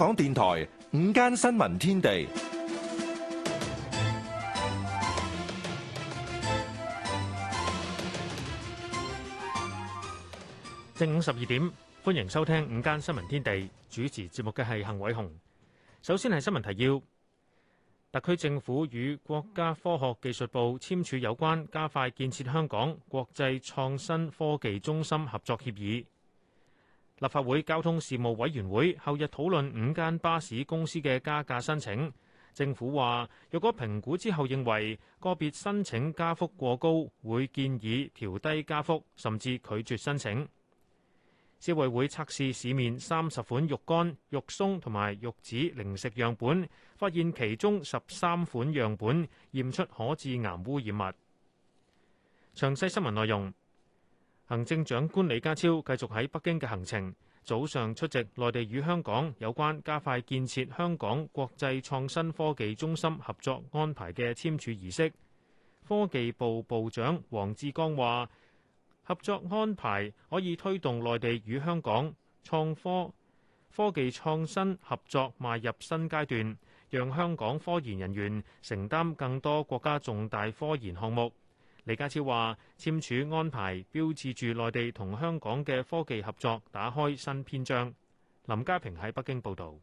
香港電台午間新聞天地，正午十二點，歡迎收聽午間新聞天地。主持節目嘅係幸偉雄。首先係新聞提要：特區政府與國家科學技術部簽署有關加快建設香港國際創新科技中心合作協議。立法會交通事務委員會後日討論五間巴士公司嘅加價申請。政府話，若果評估之後認為個別申請加幅過高，會建議調低加幅，甚至拒絕申請。消委會測試市面三十款肉乾、肉鬆同埋肉紙零食樣本，發現其中十三款樣本驗出可致癌污染物。詳細新聞內容。行政長官李家超繼續喺北京嘅行程，早上出席內地與香港有關加快建設香港國際創新科技中心合作安排嘅簽署儀式。科技部部長王志剛話：合作安排可以推動內地與香港創科、科技創新合作邁入新階段，讓香港科研人員承擔更多國家重大科研項目。李家超話簽署安排標誌住內地同香港嘅科技合作打開新篇章。林家平喺北京報道。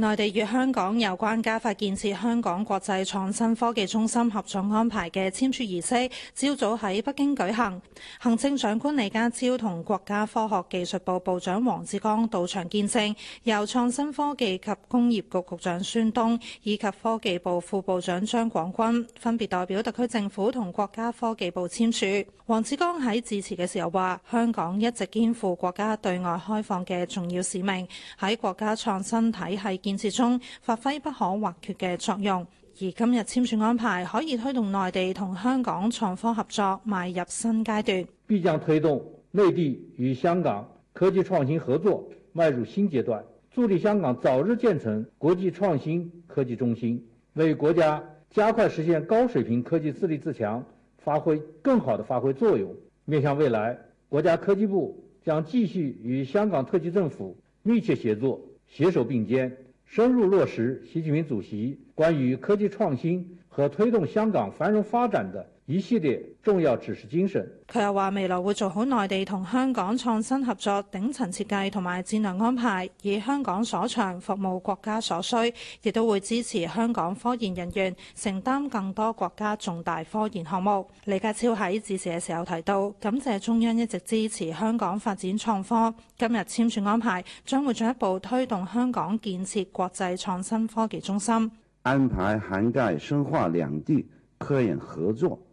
內地與香港有關加快建設香港國際創新科技中心合作安排嘅簽署儀式，朝早喺北京舉行。行政長官李家超同國家科學技術部部長王志剛到場見證，由創新科技及工業局局長孫東以及科技部副部長張廣軍分別代表特區政府同國家科技部簽署。王志剛喺致辭嘅時候話：香港一直肩負國家對外開放嘅重要使命，喺國家創新體系建建設中發揮不可或缺嘅作用，而今日簽署安排可以推動內地同香港創科合作邁入新階段，必將推動內地與香港科技創新合作邁入新階段，助力香港早日建成國際創新科技中心，為國家加快實現高水平科技自立自強發揮更好的發揮作用。面向未來，國家科技部將繼續與香港特區政府密切協作，攜手並肩。深入落實習近平主席關於科技創新和推動香港繁榮發展的。一系列重要指示精神。佢又話未來會做好內地同香港創新合作頂層設計同埋戰略安排，以香港所長服務國家所需，亦都會支持香港科研人員承擔更多國家重大科研項目。李家超喺致辭嘅時候提到，感謝中央一直支持香港發展創科，今日簽署安排將會進一步推動香港建設國際創新科技中心。安排涵蓋深化兩地科研合作。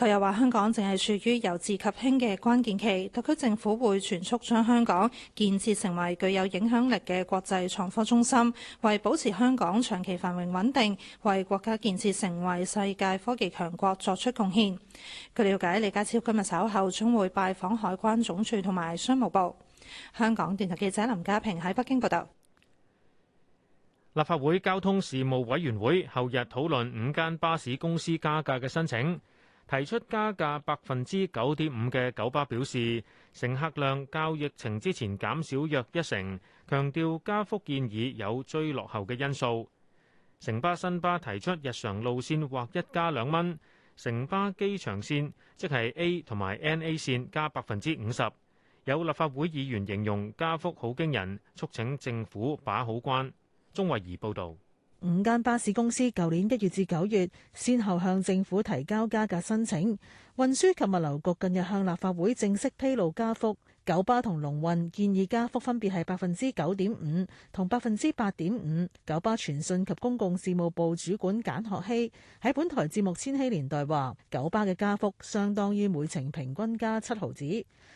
佢又話：香港正係處於由治及興嘅關鍵期，特區政府會全速將香港建設成為具有影響力嘅國際創科中心，為保持香港長期繁榮穩定，為國家建設成為世界科技強國作出貢獻。據了解，李家超今日稍後將會拜訪海關總署同埋商務部。香港電台記者林家平喺北京報道。立法會交通事務委員會後日討論五間巴士公司加價嘅申請。提出加價百分之九點五嘅九巴表示，乘客量較疫情之前減少約一成，強調加幅建議有追落後嘅因素。城巴新巴提出日常路線劃一加兩蚊，城巴機場線即係 A 同埋 N A 線加百分之五十。有立法會議員形容加幅好驚人，促請政府把好關。鐘慧儀報道。五間巴士公司舊年一月至九月，先後向政府提交加價申請。運輸及物流局近日向立法會正式披露加幅，九巴同龍運建議加幅分別係百分之九點五同百分之八點五。九巴傳訊及公共事務部主管簡學希喺本台節目千禧年代話，九巴嘅加幅相當於每程平均加七毫子，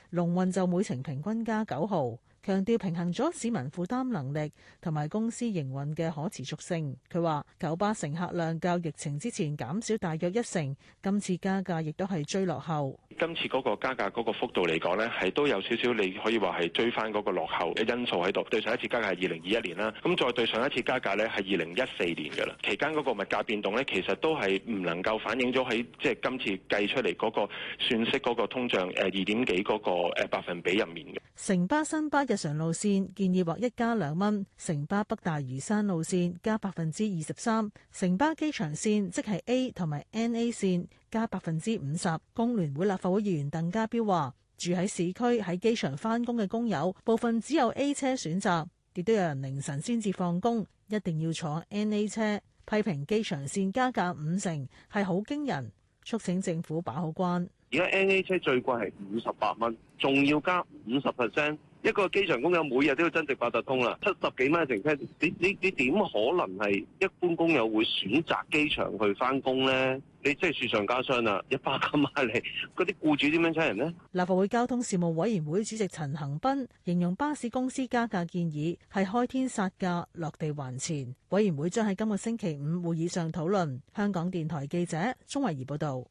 龍運就每程平均加九毫。強調平衡咗市民負擔能力同埋公司營運嘅可持續性。佢話：九巴乘客量較疫情之前減少大約一成，今次加價亦都係追落後。今次嗰個加價嗰個幅度嚟講呢，係都有少少你可以話係追翻嗰個落後嘅因素喺度。對上一次加價係二零二一年啦，咁再對上一次加價呢係二零一四年㗎喇。期間嗰個物價變動呢，其實都係唔能夠反映咗喺即係今次計出嚟嗰個算息嗰個通脹誒二點幾嗰個百分比入面嘅。城巴新巴常路線建議或一加兩蚊，城巴北大嶼山路線加百分之二十三，城巴機場線即係 A 同埋 NA 線加百分之五十。工聯會立法會議員鄧家彪話：住喺市區喺機場返工嘅工友，部分只有 A 車選擇，亦都有人凌晨先至放工，一定要坐 NA 車。批評機場線加價五成係好驚人，促請政府把好關。而家 NA 車最貴係五十八蚊，仲要加五十 percent。一個機場工友每日都要增值八達通啦，七十幾蚊一程車，你你你點可能係一般工友會選擇機場去翻工呢？你真係雪上加霜啦，啊！一百蚊買嚟，嗰啲僱主點樣請人呢？立法會交通事務委員會主席陳恒斌形容巴士公司加價建議係開天殺價，落地還錢。委員會將喺今個星期五會議上討論。香港電台記者鍾慧儀報道。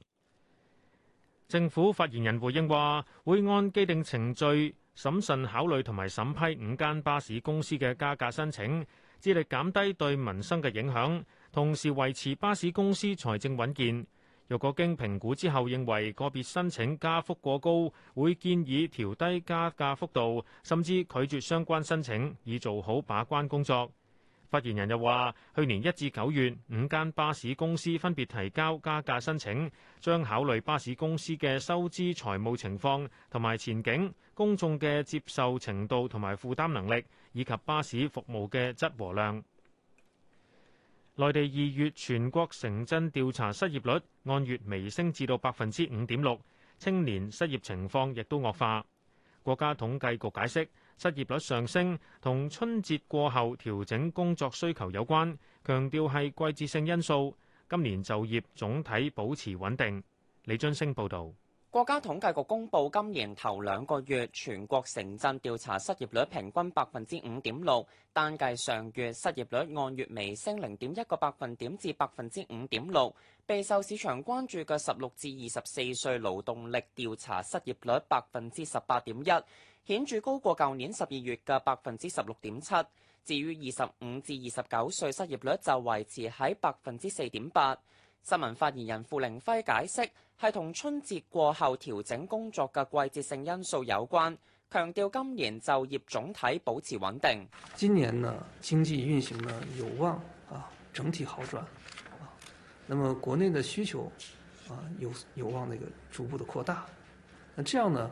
政府發言人回應話：會按既定程序。審慎考慮同埋審批五間巴士公司嘅加價申請，致力減低對民生嘅影響，同時維持巴士公司財政穩健。若果經評估之後認為個別申請加幅過高，會建議調低加價幅度，甚至拒絕相關申請，以做好把關工作。發言人又話：去年一至九月，五間巴士公司分別提交加價申請，將考慮巴士公司嘅收支財務情況同埋前景、公眾嘅接受程度同埋負擔能力，以及巴士服務嘅質和量。內地二月全國城鎮調查失業率按月微升至到百分之五點六，青年失業情況亦都惡化。國家統計局解釋。失業率上升同春節過後調整工作需求有關，強調係季節性因素。今年就業總體保持穩定。李津升報導。國家統計局公佈今年頭兩個月全國城鎮調查失業率平均百分之五點六，單計上月失業率按月微升零點一個百分點至百分之五點六。備受市場關注嘅十六至二十四歲勞動力調查失業率百分之十八點一。顯著高過舊年十二月嘅百分之十六點七。至於二十五至二十九歲失業率就維持喺百分之四點八。新聞發言人傅玲輝解釋係同春節過後調整工作嘅季節性因素有關，強調今年就業總體保持穩定。今年呢經濟運行呢有望啊整體好轉啊，那麼國內的需求啊有有望那個逐步的擴大，那這樣呢，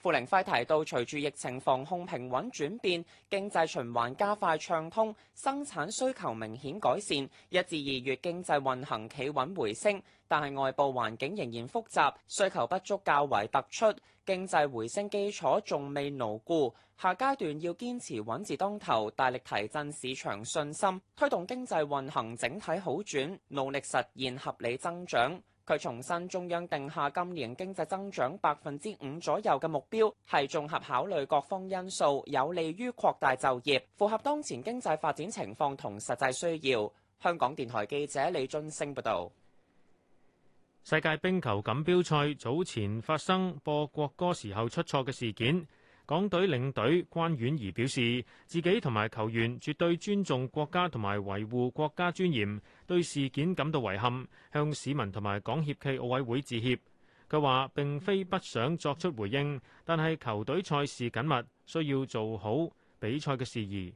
傅玲輝提到，隨住疫情防控平穩轉變，經濟循環加快暢通，生產需求明顯改善。一至二月經濟運行企穩回升，但係外部環境仍然複雜，需求不足較為突出，經濟回升基礎仲未牢固。下階段要堅持穩字當頭，大力提振市場信心，推動經濟運行整體好轉，努力實現合理增長。佢重申中央定下今年經濟增長百分之五左右嘅目標，係綜合考慮各方因素，有利於擴大就業，符合當前經濟發展情況同實際需要。香港電台記者李俊升報道。世界冰球錦標賽早前發生播國歌時候出錯嘅事件。港隊領隊關婉怡表示，自己同埋球員絕對尊重國家同埋維護國家尊嚴，對事件感到遺憾，向市民同埋港協暨奧委會致歉。佢話並非不想作出回應，但係球隊賽事緊密，需要做好比賽嘅事宜。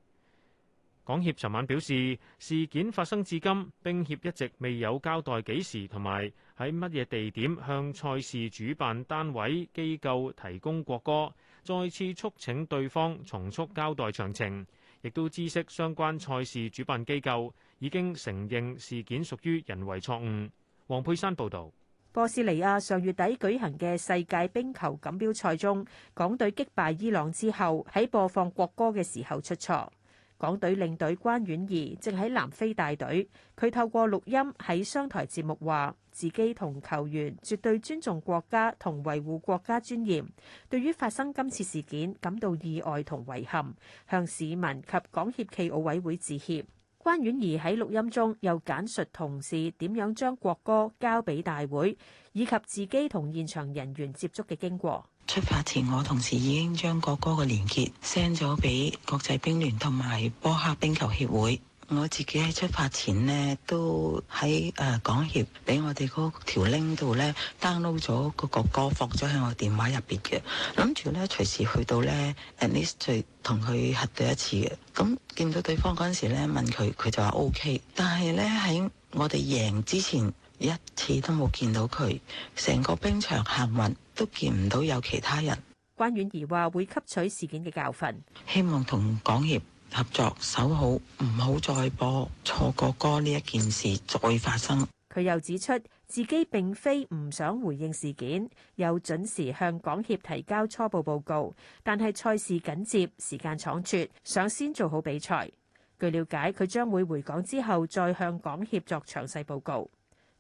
港協尋晚表示，事件發生至今，冰協一直未有交代幾時同埋喺乜嘢地點向賽事主辦單位機構提供國歌。再次促請對方重速交代詳情，亦都知悉相關賽事主辦機構已經承認事件屬於人為錯誤。黃佩珊報導，波斯尼亞上月底舉行嘅世界冰球錦標賽中，港隊擊敗伊朗之後，喺播放國歌嘅時候出錯。港隊領隊關婉儀正喺南非帶隊，佢透過錄音喺商台節目話，自己同球員絕對尊重國家同維護國家尊嚴，對於發生今次事件感到意外同遺憾，向市民及港協暨奧委會致歉。關婉儀喺錄音中又簡述同事點樣將國歌交俾大會，以及自己同現場人員接觸嘅經過。出發前，我同時已經將國歌嘅連結 send 咗俾國際冰聯同埋波克冰球協會。我自己喺出發前呢，都喺誒港協俾我哋嗰條 link 度呢 download 咗個國歌放咗喺我電話入邊嘅。諗住呢，隨時去到呢 at least 同佢核對一次嘅。咁、嗯、見到對方嗰陣時呢問佢，佢就話 OK。但係呢，喺、OK，我哋贏之前一次都冇見到佢，成個冰場行運。都見唔到有其他人。關婉儀話會吸取事件嘅教訓，希望同港協合作守好，唔好再播錯國歌呢一件事再發生。佢又指出自己並非唔想回應事件，又準時向港協提交初步報告，但係賽事緊接，時間倉促，想先做好比賽。據了解，佢將會回港之後再向港協作詳細報告。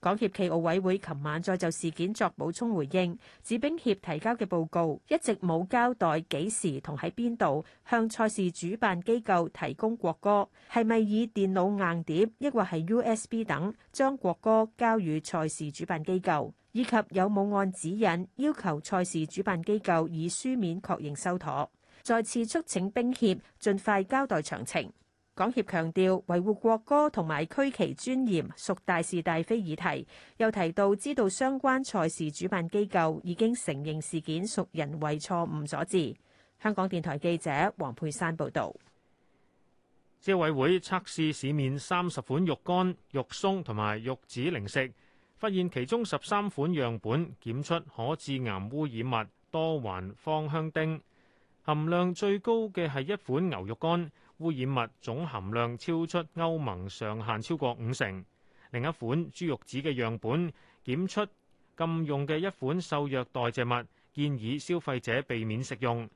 港協暨奧委會琴晚再就事件作補充回應，指冰協提交嘅報告一直冇交代幾時同喺邊度向賽事主辦機構提供國歌，係咪以電腦硬碟，抑或係 USB 等將國歌交予賽事主辦機構，以及有冇按指引要求賽事主辦機構以書面確認收妥。再次促請冰協盡快交代詳情。港協強調維護國歌同埋區旗尊嚴屬大是大非議題，又提到知道相關賽事主辦機構已經承認事件屬人為錯誤所致。香港電台記者黃佩珊報導。消委會測試市面三十款肉乾、肉鬆同埋肉紙零食，發現其中十三款樣本檢出可致癌污染物多環芳香丁，含量最高嘅係一款牛肉乾。污染物總含量超出歐盟上限超過五成，另一款豬肉紙嘅樣本檢出禁用嘅一款獸藥代謝物，建議消費者避免食用。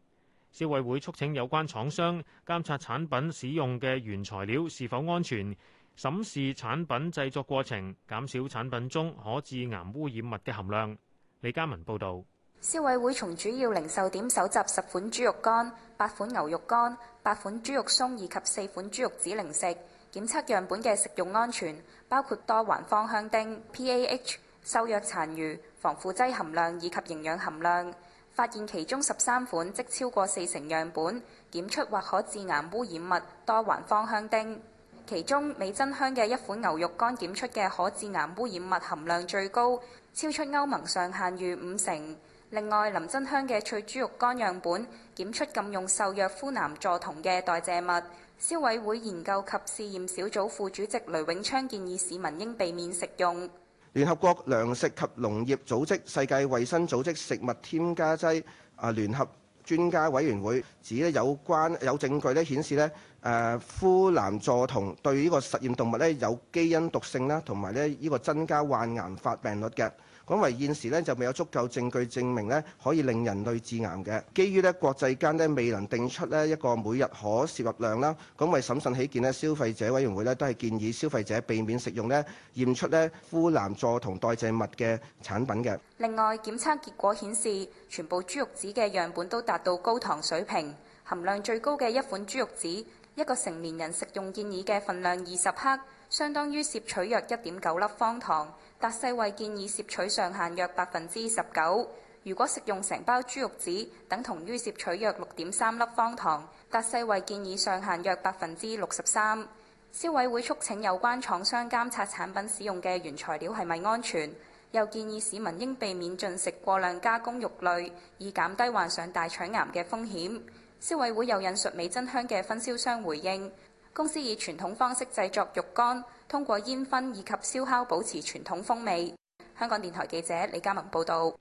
消委會促請有關廠商監察產品使用嘅原材料是否安全，審視產品製作過程，減少產品中可致癌污染物嘅含量。李嘉文報導。消委會從主要零售點搜集十款豬肉乾、八款牛肉乾、八款豬肉鬆以及四款豬肉籽零食，檢測樣本嘅食用安全，包括多環芳香烴 （PAH）、獸藥殘餘、防腐劑含量以及營養含量。發現其中十三款，即超過四成樣本檢出或可致癌污染物多環芳香烴。其中美珍香嘅一款牛肉乾檢出嘅可致癌污染物含量最高，超出歐盟上限逾五成。另外，林真香嘅脆豬肉乾樣本檢出禁用獸藥呋喃唑酮嘅代謝物，消委會研究及試驗小組副主席雷永昌建議市民應避免食用。聯合國糧食及農業組織、世界衛生組織食物添加劑啊聯合專家委員會指咧有關有證據咧顯示咧。誒，呋喃唑酮對呢個實驗動物咧有基因毒性啦，同埋咧呢個增加患癌發病率嘅。咁為現時咧就未有足夠證據證明咧可以令人類致癌嘅。基於呢國際間咧未能定出呢一個每日可攝入量啦，咁為審慎起見呢消費者委員會呢都係建議消費者避免食用呢驗出呢呋喃唑酮代謝物嘅產品嘅。另外，檢測結果顯示，全部豬肉紙嘅樣本都達到高糖水平，含量最高嘅一款豬肉紙。一個成年人食用建議嘅份量二十克，相當於攝取約一點九粒方糖。達世衛建議攝取上限約百分之十九。如果食用成包豬肉紙，等同於攝取約六點三粒方糖。達世衛建議上限約百分之六十三。消委會促請有關廠商監察產品使用嘅原材料係咪安全，又建議市民應避免進食過量加工肉類，以減低患上大腸癌嘅風險。消委會又引述美珍香嘅分銷商回應，公司以傳統方式製作肉乾，通過煙熏以及燒烤保持傳統風味。香港電台記者李嘉文報道。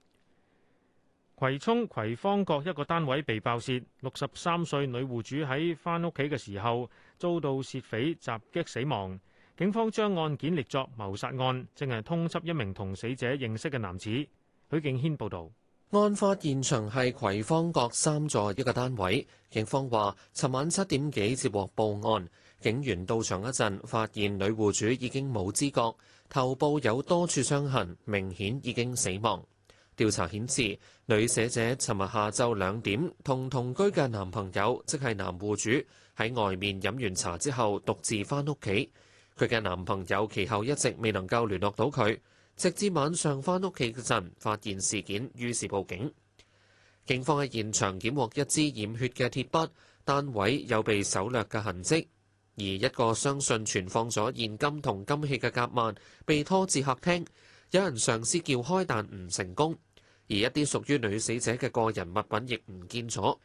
葵涌葵芳各一個單位被爆竊，六十三歲女戶主喺翻屋企嘅時候遭到竊匪襲擊死亡，警方將案件列作謀殺案，正係通緝一名同死者認識嘅男子。許敬軒報道。案發現場係葵芳閣三座一個單位，警方話尋晚七點幾接獲報案，警員到場一陣發現女戶主已經冇知覺，頭部有多處傷痕，明顯已經死亡。調查顯示，女死者尋日下晝兩點同同居嘅男朋友，即係男戶主喺外面飲完茶之後獨自翻屋企。佢嘅男朋友其後一直未能夠聯絡到佢。直至晚上返屋企嗰陣，發現事件，於是報警。警方喺現場檢獲一支染血嘅鐵筆，單位有被搜掠嘅痕跡。而一個相信存放咗現金同金器嘅夾萬，被拖至客廳，有人嘗試撬開但唔成功。而一啲屬於女死者嘅個人物品亦唔見咗。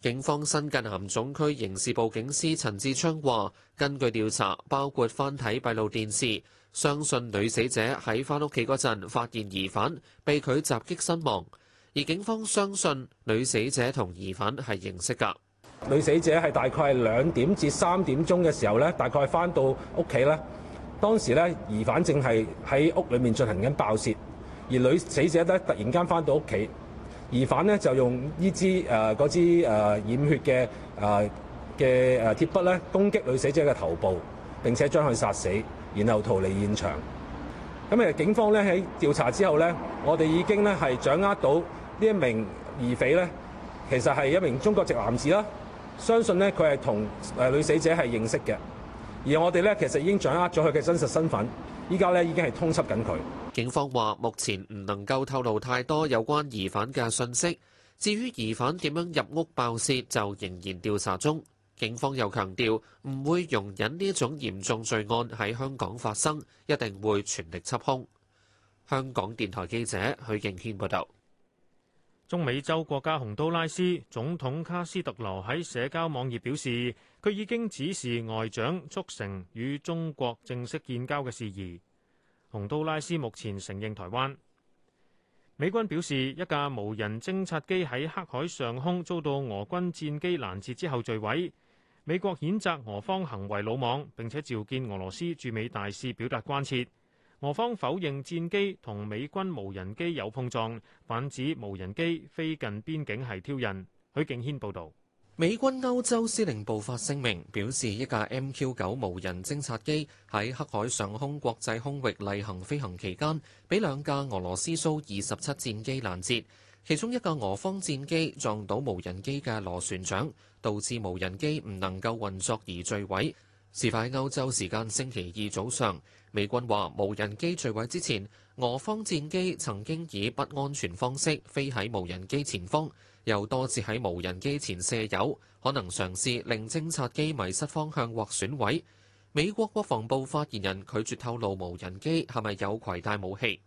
警方新界南總區刑事部警司陳志昌話，根據調查，包括翻睇閉路電視。相信女死者喺翻屋企嗰陣發現疑犯，被佢襲擊身亡。而警方相信女死者同疑犯係認識噶。女死者係大概係兩點至三點鐘嘅時候呢，大概翻到屋企啦。當時呢，疑犯正係喺屋裏面進行緊爆竊，而女死者咧突然間翻到屋企，疑犯呢，就用呢支誒嗰支誒染血嘅誒嘅誒鐵筆咧攻擊女死者嘅頭部，並且將佢殺死。然後逃離現場。咁誒，警方咧喺調查之後咧，我哋已經咧係掌握到呢一名疑匪咧，其實係一名中國籍男子啦。相信咧佢係同誒女死者係認識嘅。而我哋咧其實已經掌握咗佢嘅真實身份，依家咧已經係通緝緊佢。警方話：目前唔能夠透露太多有關疑犯嘅訊息。至於疑犯點樣入屋爆竊，就仍然調查中。警方又強調唔會容忍呢種嚴重罪案喺香港發生，一定會全力緝兇。香港電台記者許敬軒報導。中美洲國家洪都拉斯總統卡斯特羅喺社交網頁表示，佢已經指示外長促成與中國正式建交嘅事宜。洪都拉斯目前承認台灣。美軍表示，一架無人偵察機喺黑海上空遭到俄軍戰機攔截之後墜毀。美國譴責俄方行為魯莽，並且召見俄羅斯駐美大使表達關切。俄方否認戰機同美軍無人機有碰撞，反指無人機飛近邊境係挑釁。許敬軒報導。美軍歐洲司令部發聲明表示，一架 MQ 九無人偵察機喺黑海上空國際空域例行飛行期間，俾兩架俄羅斯蘇二十七戰機攔截。其中一個俄方戰機撞到無人機嘅螺旋槳，導致無人機唔能夠運作而墜毀。事發喺歐洲時間星期二早上，美軍話無人機墜毀之前，俄方戰機曾經以不安全方式飛喺無人機前方，又多次喺無人機前卸油，可能嘗試令偵察機迷失方向或損毀。美國國防部發言人拒絕透露無人機係咪有攜帶武器。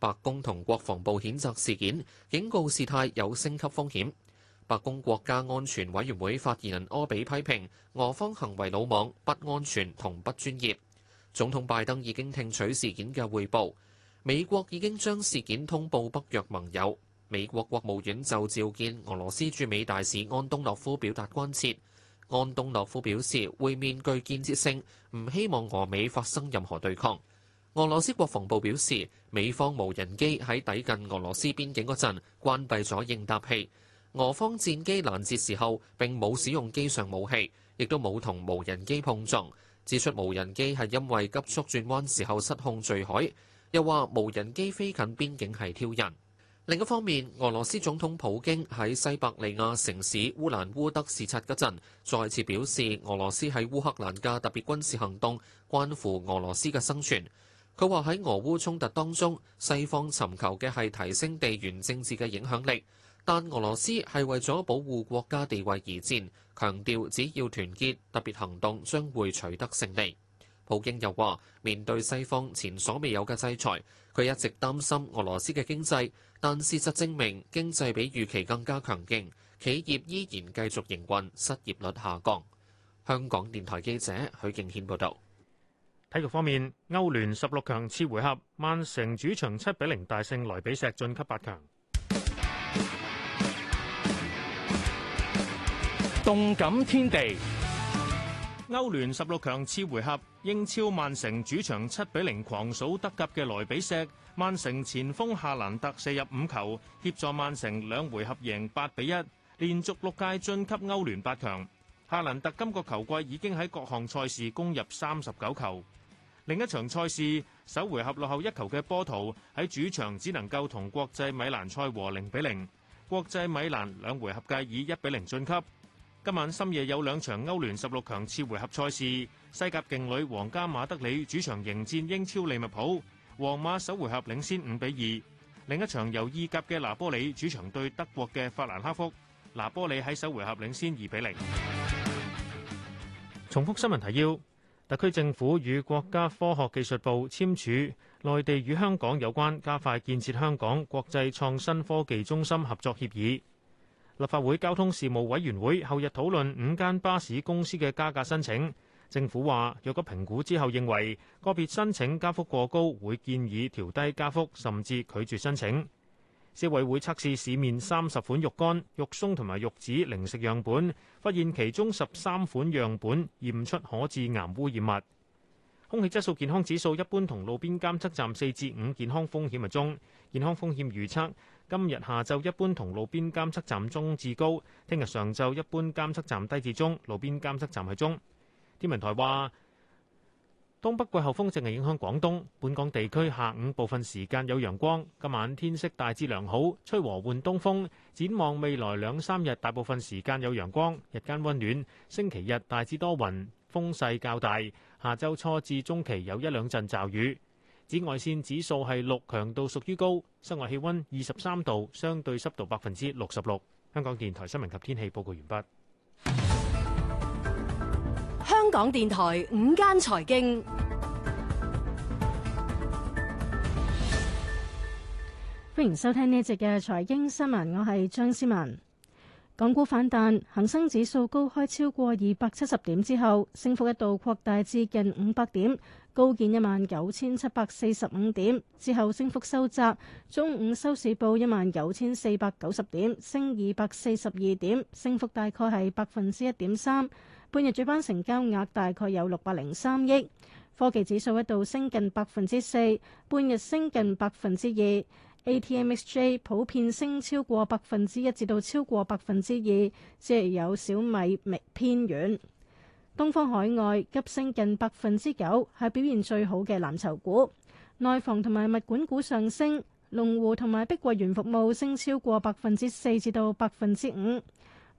白宮同國防部譴責事件，警告事態有升級風險。白宮國家安全委員會發言人柯比批評俄方行為魯莽、不安全同不專業。總統拜登已經聽取事件嘅匯報，美國已經將事件通報北約盟友。美國國務院就召見俄羅斯駐美大使安東諾夫表達關切。安東諾夫表示會面具建設性，唔希望俄美發生任何對抗。俄羅斯國防部表示，美方無人機喺抵近俄羅斯邊境嗰陣關閉咗應答器。俄方戰機攔截時候並冇使用機上武器，亦都冇同無人機碰撞。指出無人機係因為急速轉彎時候失控墜海，又話無人機飛近邊境係挑釁。另一方面，俄羅斯總統普京喺西伯利亞城市烏蘭烏德視察嗰陣，再次表示俄羅斯喺烏克蘭嘅特別軍事行動關乎俄羅斯嘅生存。佢話喺俄烏衝突當中，西方尋求嘅係提升地緣政治嘅影響力，但俄羅斯係為咗保護國家地位而戰。強調只要團結，特別行動將會取得勝利。普京又話，面對西方前所未有嘅制裁，佢一直擔心俄羅斯嘅經濟，但事實證明經濟比預期更加強勁，企業依然繼續營運，失業率下降。香港電台記者許敬軒報道。體育方面，歐聯十六強次回合，曼城主場七比零大勝萊比錫晉級八強。動感天地，歐聯十六強次回合，英超曼城主場七比零狂掃德甲嘅萊比錫，曼城前鋒夏蘭特射入五球，協助曼城兩回合贏八比一，連續六屆晉級歐聯八強。夏蘭特今個球季已經喺各項賽事攻入三十九球。另一場賽事，首回合落後一球嘅波圖喺主場只能夠同國際米蘭賽和零比零。國際米蘭兩回合計以一比零晉級。今晚深夜有兩場歐聯十六強次回合賽事，西甲勁旅皇家馬德里主場迎戰英超利物浦，皇馬首回合領先五比二。另一場由意甲嘅拿波里主場對德國嘅法蘭克福，拿波里喺首回合領先二比零。重複新聞提要。特區政府與國家科學技術部簽署《內地與香港有關加快建設香港國際創新科技中心合作協議》。立法會交通事務委員會後日討論五間巴士公司嘅加價申請。政府話，若果評估之後認為個別申請加幅過高，會建議調低加幅，甚至拒絕申請。消委會測試市面三十款肉乾、肉鬆同埋肉紙零食樣本，發現其中十三款樣本驗出可致癌污染物。空氣質素健康指數一般，同路邊監測站四至五健康風險係中。健康風險預測今日下晝一般同路邊監測站中至高，聽日上晝一般監測站低至中，路邊監測站係中。天文台話，東北季候風淨係影響廣東，本港地區下午部分時間有陽光，今晚天色大致良好，吹和緩東風。展望未來兩三日，大部分時間有陽光，日間溫暖。星期日大致多雲，風勢較大。下周初至中期有一兩陣驟雨。紫外線指數係六，強度屬於高。室外氣溫二十三度，相對濕度百分之六十六。香港電台新聞及天氣報告完畢。香港電台午間財經，歡迎收聽呢一集嘅財經新聞。我係張思文。港股反彈，恒生指數高開超過二百七十點之後，升幅一度擴大至近五百點，高見一萬九千七百四十五點之後，升幅收窄。中午收市報一萬九千四百九十點，升二百四十二點，升幅大概係百分之一點三。半日主板成交額大概有六百零三億，科技指數一度升近百分之四，半日升近百分之二，ATMXJ 普遍升超過百分之一至到超過百分之二，只係有小米微偏軟，東方海外急升近百分之九，係表現最好嘅藍籌股，內房同埋物管股上升，龍湖同埋碧桂園服務升超過百分之四至到百分之五。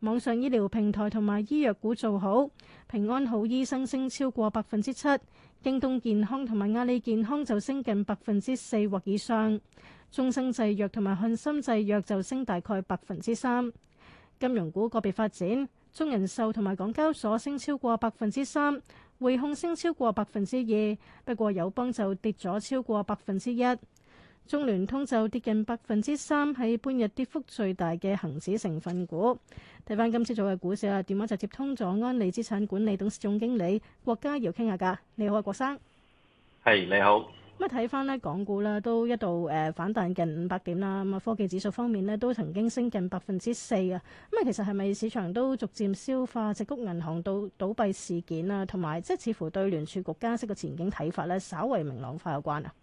網上醫療平台同埋醫藥股做好，平安好醫生升超過百分之七，京東健康同埋阿里健康就升近百分之四或以上，眾生製藥同埋漢森製藥就升大概百分之三。金融股個別發展，中人壽同埋港交所升超過百分之三，匯控升超過百分之二，不過友邦就跌咗超過百分之一。中聯通就跌近百分之三，喺半日跌幅最大嘅恒指成分股。睇翻今朝早嘅股市啊，電話就接通咗安利資產管理董事總經理郭家耀傾下㗎。你好啊，郭生。係你好。咁啊，睇翻呢港股啦，都一度誒反彈近五百點啦。咁啊，科技指數方面呢，都曾經升近百分之四啊。咁啊，其實係咪市場都逐漸消化矽谷銀行倒倒閉事件啊，同埋即係似乎對聯儲局加息嘅前景睇法呢，稍為明朗化有關啊？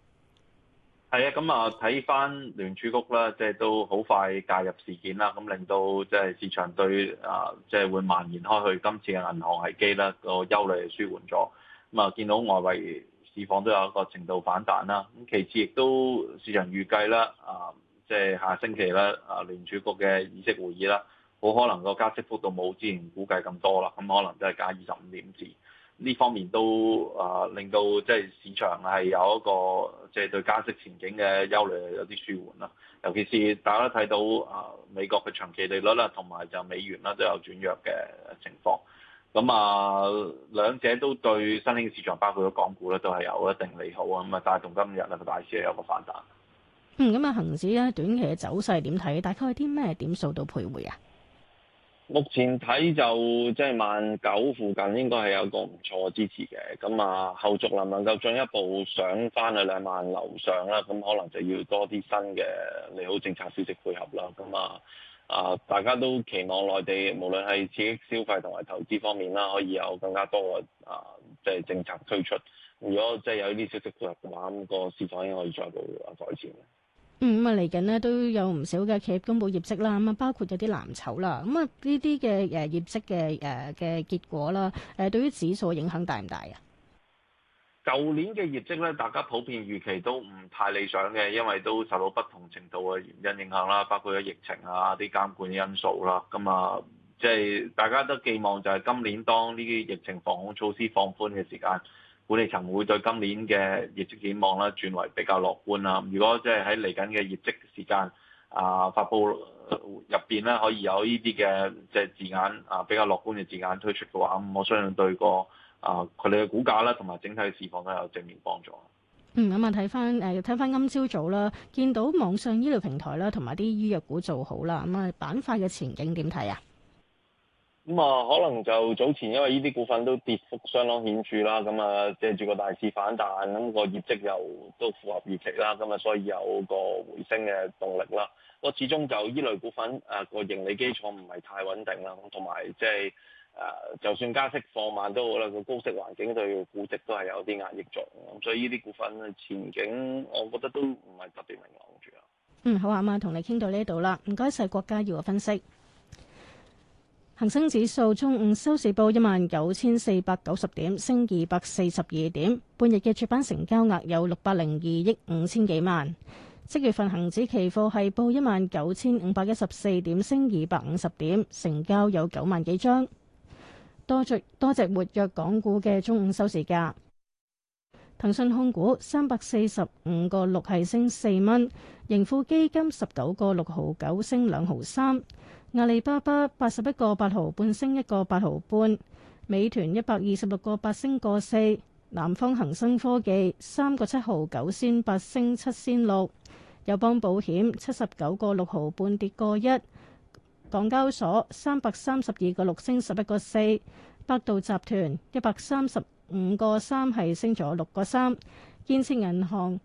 係啊，咁啊睇返聯儲局啦，即係都好快介入事件啦，咁令到即係市場對啊，即係會蔓延開去今次嘅銀行危機啦，個憂慮舒緩咗。咁啊，見到外圍市況都有一個程度反彈啦。咁其次亦都市場預計啦，啊，即係下星期啦，啊聯儲局嘅議息會議啦，好可能個加息幅度冇之前估計咁多啦，咁可能都係加二十五點子。呢方面都啊，令到即係市場係有一個即係，就是、對加息前景嘅憂慮有啲舒緩啦。尤其是大家睇到啊美國嘅長期利率啦，同、啊、埋就美元啦都有轉弱嘅情況。咁啊，兩者都對新興市場，包括咗港股咧，都係有一定利好啊。咁啊，帶動今日啊個大市係有個反彈。嗯。嗯，咁啊，恒指咧短期嘅走勢點睇？大概啲咩點數到徘徊啊？目前睇就即係萬九附近應該係有一個唔錯嘅支持嘅。咁啊後續能唔能夠進一步 2, 000，上翻去兩萬樓上啦？咁可能就要多啲新嘅利好政策消息配合啦。咁啊啊，大家都期望內地無論係刺激消費同埋投資方面啦，可以有更加多嘅啊，即係政策推出。如果即係有呢啲消息配合嘅話，咁個市場應該可以再度改善。嗯，咁啊嚟緊咧都有唔少嘅企業公布業績啦，咁啊包括有啲藍籌啦，咁啊呢啲嘅誒業績嘅誒嘅結果啦，誒、呃、對於指數影響大唔大啊？舊年嘅業績咧，大家普遍預期都唔太理想嘅，因為都受到不同程度嘅原因影響啦，包括有疫情啊、啲監管因素啦，咁啊即係、就是、大家都寄望就係今年當呢啲疫情防控措施放寬嘅時間。管理層會對今年嘅業績展望啦，轉為比較樂觀啦。如果即係喺嚟緊嘅業績時間啊、呃，發布入邊咧，可以有呢啲嘅即係字眼啊、呃，比較樂觀嘅字眼推出嘅話，咁、嗯、我相信對個啊佢哋嘅股價啦，同埋整體嘅市況都有正面幫助。嗯，咁、嗯、啊，睇翻誒，睇、呃、翻今朝早啦，見到網上醫療平台啦，同埋啲醫藥股做好啦，咁、嗯、啊，板塊嘅前景點睇啊？咁啊、嗯，可能就早前因為呢啲股份都跌幅相當顯著啦，咁、嗯、啊借住個大市反彈，咁、嗯、個業績又都符合預期啦，咁、嗯、啊所以有個回升嘅動力啦。不、嗯、過始終就依類股份啊個、呃、盈利基礎唔係太穩定啦，同埋即係誒就算加息放慢都好啦，個高息環境對估值都係有啲壓抑作用、嗯，所以呢啲股份嘅前景，我覺得都唔係特別明朗住喇、嗯。嗯，好啱啱同你傾到呢度啦，唔該晒郭家耀嘅分析。恒生指數中午收市報一萬九千四百九十點，升二百四十二點。半日嘅主板成交額有六百零二億五千幾萬。即月份恒指期貨係報一萬九千五百一十四點，升二百五十點，成交有九萬幾張。多隻多隻活躍港股嘅中午收市價，騰訊控股三百四十五個六係升四蚊，盈富基金十九個六毫九升兩毫三。阿里巴巴八十一個八毫半升一個八毫半，美團一百二十六個八升個四，南方恒生科技三個七毫九仙八升七仙六，友邦保險七十九個六毫半跌過一，港交所三百三十二個六升十一個四，百度集團一百三十五個三係升咗六個三，建設銀行。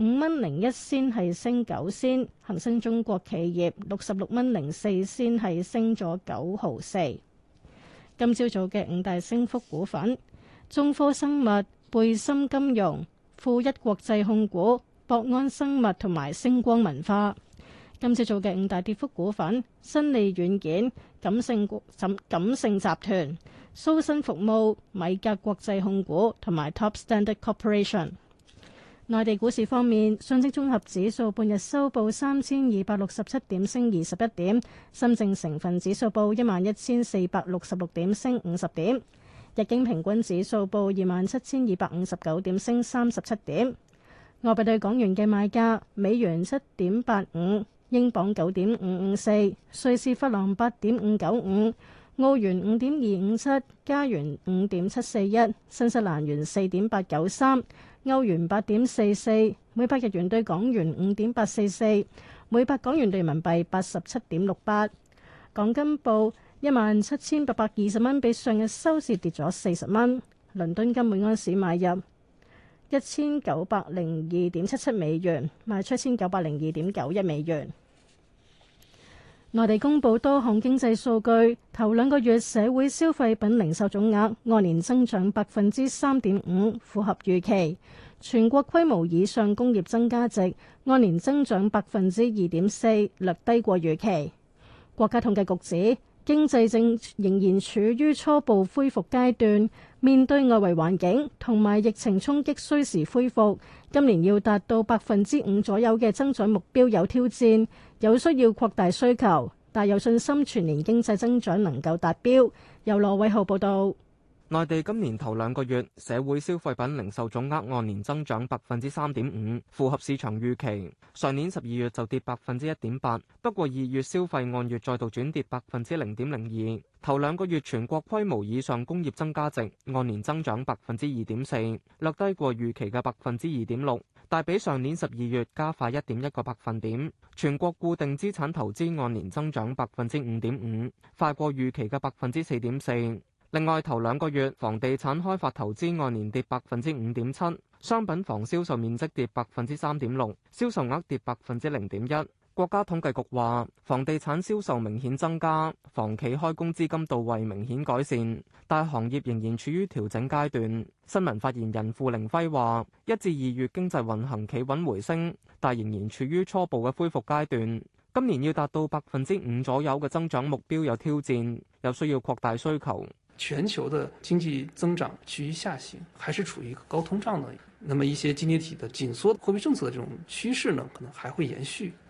五蚊零一仙係升九仙，恒生中國企業六十六蚊零四仙係升咗九毫四。今朝早嘅五大升幅股份：中科生物、貝森金融、富一國際控股、博安生物同埋星光文化。今朝早嘅五大跌幅股份：新利軟件、錦勝、錦勝集團、蘇新服務、米格國際控股同埋 Top Standard Corporation。內地股市方面，上證綜合指數半日收報三千二百六十七點，升二十一點；深證成分指數報一萬一千四百六十六點，升五十點；日經平均指數報二萬七千二百五十九點，升三十七點。外幣對港元嘅賣價：美元七點八五，英鎊九點五五四，瑞士法郎八點五九五，澳元五點二五七，加元五點七四一，新西蘭元四點八九三。歐元八點四四，每百日元對港元五點八四四，每百港元兌人民幣八十七點六八。港金報一萬七千八百二十蚊，比上日收市跌咗四十蚊。倫敦金每安士買入一千九百零二點七七美元，賣出一千九百零二點九一美元。內地公佈多項經濟數據，頭兩個月社會消費品零售總額按年增長百分之三點五，符合預期。全國規模以上工業增加值按年增長百分之二點四，略低過預期。國家統計局指，經濟正仍然處於初步恢復階段，面對外圍環境同埋疫情衝擊，需時恢復。今年要達到百分之五左右嘅增長目標有挑戰。有需要擴大需求，但有信心全年經濟增長能夠達標。由羅偉浩報道，內地今年頭兩個月社會消費品零售總額按年增長百分之三點五，符合市場預期。上年十二月就跌百分之一點八，不過二月消費按月再度轉跌百分之零點零二。頭兩個月全國規模以上工業增加值按年增長百分之二點四，略低過預期嘅百分之二點六。大比上年十二月加快一點一個百分點，全國固定資產投資按年增長百分之五點五，快過預期嘅百分之四點四。另外，頭兩個月房地產開發投資按年跌百分之五點七，商品房銷售面積跌百分之三點六，銷售額跌百分之零點一。國家統計局話，房地產銷售明顯增加，房企開工資金到位明顯改善，但行業仍然處於調整階段。新聞發言人傅玲輝話，一至二月經濟運行企穩回升，但仍然處於初步嘅恢復階段。今年要達到百分之五左右嘅增長目標有挑戰，有需要擴大需求。全球的經濟增長趨於下行，還是處於一個高通脹呢？那麼一些經濟體的緊縮貨幣政策嘅這種趨勢呢，可能還會延續。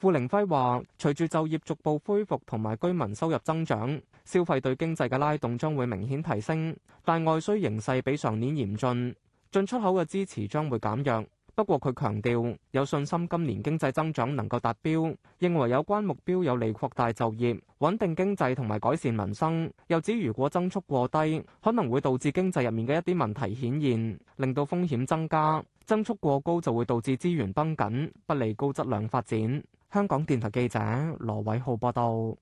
付凌暉話，隨住就業逐步恢復同埋居民收入增長，消費對經濟嘅拉動將會明顯提升。但外需形勢比上年嚴峻，進出口嘅支持將會減弱。不過佢強調，有信心今年經濟增長能夠達標，認為有關目標有利擴大就業、穩定經濟同埋改善民生。又指如果增速過低，可能會導致經濟入面嘅一啲問題顯現，令到風險增加。增速過高就會導致資源繃緊，不利高質量發展。香港電台記者羅偉浩報道。